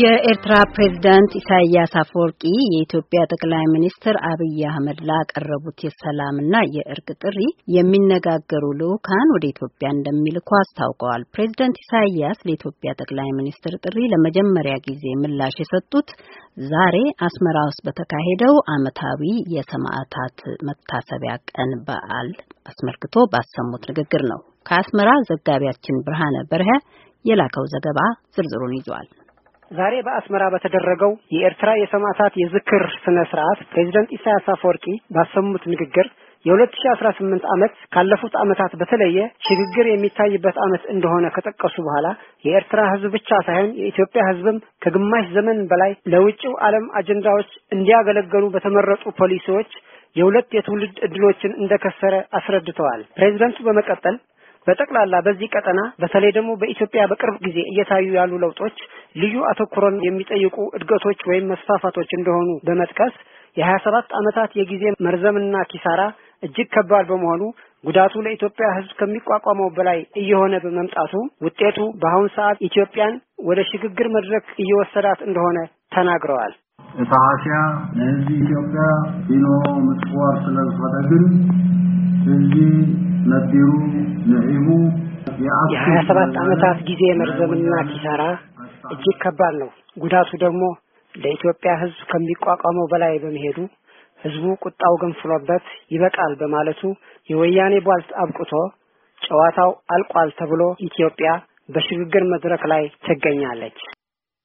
የኤርትራ ፕሬዝዳንት ኢሳያስ አፈወርቂ የኢትዮጵያ ጠቅላይ ሚኒስትር አብይ አህመድ ላቀረቡት የሰላምና የእርቅ ጥሪ የሚነጋገሩ ልዑካን ወደ ኢትዮጵያ እንደሚልኩ አስታውቀዋል። ፕሬዝዳንት ኢሳያስ ለኢትዮጵያ ጠቅላይ ሚኒስትር ጥሪ ለመጀመሪያ ጊዜ ምላሽ የሰጡት ዛሬ አስመራ ውስጥ በተካሄደው ዓመታዊ የሰማዕታት መታሰቢያ ቀን በዓል አስመልክቶ ባሰሙት ንግግር ነው። ከአስመራ ዘጋቢያችን ብርሃነ በርሀ የላከው ዘገባ ዝርዝሩን ይዟል። ዛሬ በአስመራ በተደረገው የኤርትራ የሰማዕታት የዝክር ስነ ስርዓት ፕሬዚደንት ኢሳያስ አፈወርቂ ባሰሙት ንግግር የ2018 ዓመት ካለፉት ዓመታት በተለየ ሽግግር የሚታይበት ዓመት እንደሆነ ከጠቀሱ በኋላ የኤርትራ ሕዝብ ብቻ ሳይሆን የኢትዮጵያ ሕዝብም ከግማሽ ዘመን በላይ ለውጭው ዓለም አጀንዳዎች እንዲያገለገሉ በተመረጡ ፖሊሲዎች የሁለት የትውልድ ዕድሎችን እንደከሰረ አስረድተዋል። ፕሬዚደንቱ በመቀጠል በጠቅላላ በዚህ ቀጠና በተለይ ደግሞ በኢትዮጵያ በቅርብ ጊዜ እየታዩ ያሉ ለውጦች ልዩ አተኩሮን የሚጠይቁ እድገቶች ወይም መስፋፋቶች እንደሆኑ በመጥቀስ የሀያ ሰባት ዓመታት የጊዜ መርዘምና ኪሳራ እጅግ ከባድ በመሆኑ ጉዳቱ ለኢትዮጵያ ሕዝብ ከሚቋቋመው በላይ እየሆነ በመምጣቱ ውጤቱ በአሁን ሰዓት ኢትዮጵያን ወደ ሽግግር መድረክ እየወሰዳት እንደሆነ ተናግረዋል። እታሃሻ ነዚ ኢትዮጵያ ኢኖ ምጽዋር ስለዝፈጠግን እዚህ ነቢሩ የሀያ ሰባት ዓመታት ጊዜ መርዘምና ኪሳራ እጅግ ከባድ ነው። ጉዳቱ ደግሞ ለኢትዮጵያ ህዝብ ከሚቋቋመው በላይ በመሄዱ ህዝቡ ቁጣው ገንፍሎበት ይበቃል በማለቱ የወያኔ ቧልት አብቅቶ ጨዋታው አልቋል ተብሎ ኢትዮጵያ በሽግግር መድረክ ላይ ትገኛለች።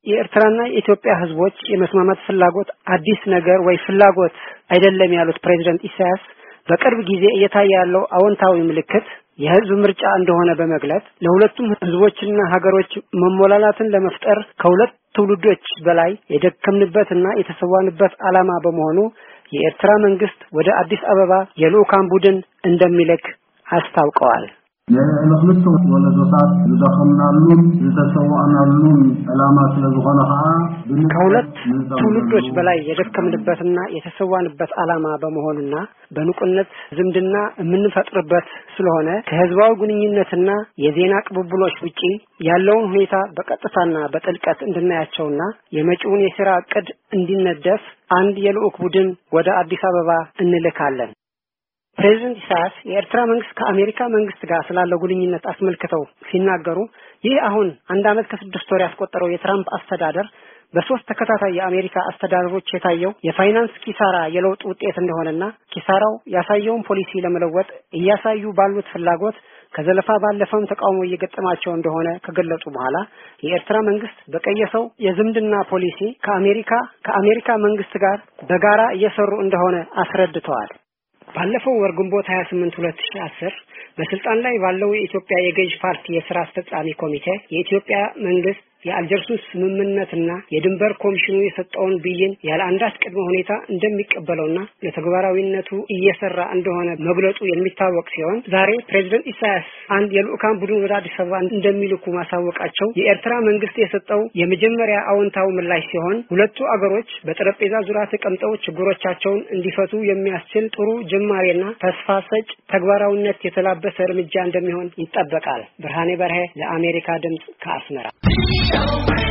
የኤርትራና የኢትዮጵያ ህዝቦች የመስማማት ፍላጎት አዲስ ነገር ወይ ፍላጎት አይደለም ያሉት ፕሬዚደንት ኢሳያስ በቅርብ ጊዜ እየታየ ያለው አዎንታዊ ምልክት የህዝብ ምርጫ እንደሆነ በመግለጽ ለሁለቱም ህዝቦችና ሀገሮች መሞላላትን ለመፍጠር ከሁለት ትውልዶች በላይ የደከምንበትና የተሰዋንበት ዓላማ በመሆኑ የኤርትራ መንግስት ወደ አዲስ አበባ የልኡካን ቡድን እንደሚልክ አስታውቀዋል። ንኽልቱ ወለዶታት ዝደኸምናሉ ዝተሰዋእናሉን ዕላማ ስለ ዝኾነ ከዓ ከሁለት ትውልዶች በላይ የደከምንበትና የተሰዋንበት ዓላማ በመሆኑና በንቁነት ዝምድና የምንፈጥርበት ስለሆነ ከህዝባዊ ግንኙነትና የዜና ቅብብሎች ውጪ ያለውን ሁኔታ በቀጥታና በጥልቀት እንድናያቸውና የመጪውን የስራ እቅድ እንዲነደፍ አንድ የልዑክ ቡድን ወደ አዲስ አበባ እንልካለን። ፕሬዚደንት ኢሳያስ የኤርትራ መንግስት ከአሜሪካ መንግስት ጋር ስላለው ግንኙነት አስመልክተው ሲናገሩ ይህ አሁን አንድ ዓመት ከስድስት ወር ያስቆጠረው የትራምፕ አስተዳደር በሶስት ተከታታይ የአሜሪካ አስተዳደሮች የታየው የፋይናንስ ኪሳራ የለውጥ ውጤት እንደሆነና ኪሳራው ያሳየውን ፖሊሲ ለመለወጥ እያሳዩ ባሉት ፍላጎት ከዘለፋ ባለፈም ተቃውሞ እየገጠማቸው እንደሆነ ከገለጹ በኋላ የኤርትራ መንግስት በቀየሰው የዝምድና ፖሊሲ ከአሜሪካ ከአሜሪካ መንግስት ጋር በጋራ እየሰሩ እንደሆነ አስረድተዋል። ባለፈው ወር ግንቦት 28 2010 በስልጣን ላይ ባለው የኢትዮጵያ የገዥ ፓርቲ የስራ አስፈጻሚ ኮሚቴ የኢትዮጵያ መንግስት የአልጀርሱ ስምምነትና የድንበር ኮሚሽኑ የሰጠውን ብይን ያለ አንዳች ቅድመ ሁኔታ እንደሚቀበለውና ለተግባራዊነቱ እየሰራ እንደሆነ መግለጹ የሚታወቅ ሲሆን ዛሬ ፕሬዚደንት ኢሳያስ አንድ የልኡካን ቡድን ወደ አዲስ አበባ እንደሚልኩ ማሳወቃቸው የኤርትራ መንግስት የሰጠው የመጀመሪያ አዎንታዊ ምላሽ ሲሆን ሁለቱ አገሮች በጠረጴዛ ዙሪያ ተቀምጠው ችግሮቻቸውን እንዲፈቱ የሚያስችል ጥሩ ጅማሬና ተስፋ ሰጭ ተግባራዊነት የተላበሰ እርምጃ እንደሚሆን ይጠበቃል። ብርሃኔ በርሄ ለአሜሪካ ድምፅ ከአስመራ Don't